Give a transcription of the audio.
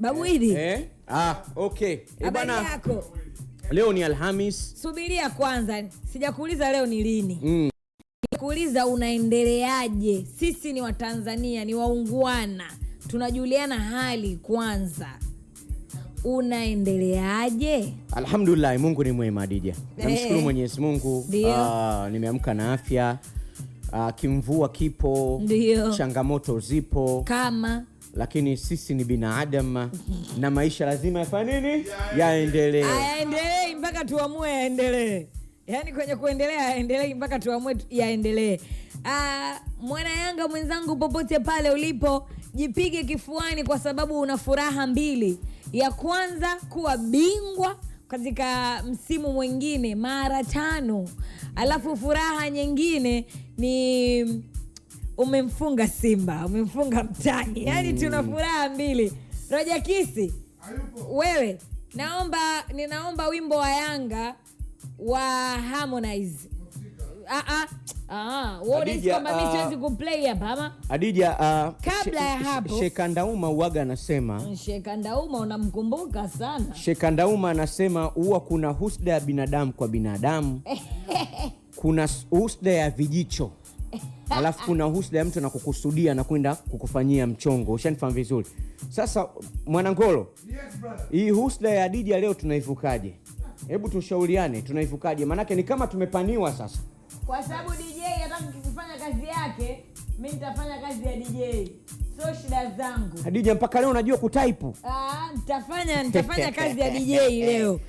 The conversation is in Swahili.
Babwidi. Eh? Ah, okay. E eh, bana. Yako. Leo ni Alhamis. Subiria kwanza. Sijakuuliza leo ni lini. Mm. Kuuliza unaendeleaje? Sisi ni Watanzania, ni waungwana. Tunajuliana hali kwanza. Unaendeleaje? Alhamdulillah, Mungu ni mwema Dija. Namshukuru eh. Mwenyezi Mungu. Ah, nimeamka na afya uh, kimvua kipo. Ndiyo. changamoto zipo kama lakini sisi ni binadamu mm-hmm. na maisha lazima yafanye nini? Yaendelee. Yaendelee mpaka tuamue yaendelee, yaani kwenye kuendelea yaendelee mpaka tuamue yaendelee. Ah, mwana Yanga mwenzangu, popote pale ulipo, jipige kifuani, kwa sababu una furaha mbili. Ya kwanza kuwa bingwa katika msimu mwingine mara tano, alafu furaha nyingine ni umemfunga Simba, umemfunga mtani, yani tuna mm. furaha mbili. Roja Kisi, wewe naomba, ninaomba wimbo wa Yanga wa Harmonize Ah, ah. ah, Adija. Shekandauma uaga anasema, Shekandauma unamkumbuka sana. Shekandauma anasema huwa kuna husda ya binadamu kwa binadamu kuna husda ya vijicho alafu kuna husda ya mtu anakukusudia na kwenda kukufanyia mchongo. Ushanifahamu vizuri. Sasa Mwanangolo, hii yes, husda ya Adija leo tunaivukaje? Hebu tushauriane, tunaivukaje? Maanake ni kama tumepaniwa sasa kwa sababu DJ hata kufanya kazi yake, mimi nitafanya kazi ya DJ. sio shida zangu Hadija, ah, mpaka leo unajua kutaipu? Ah, nitafanya nitafanya kazi ya DJ leo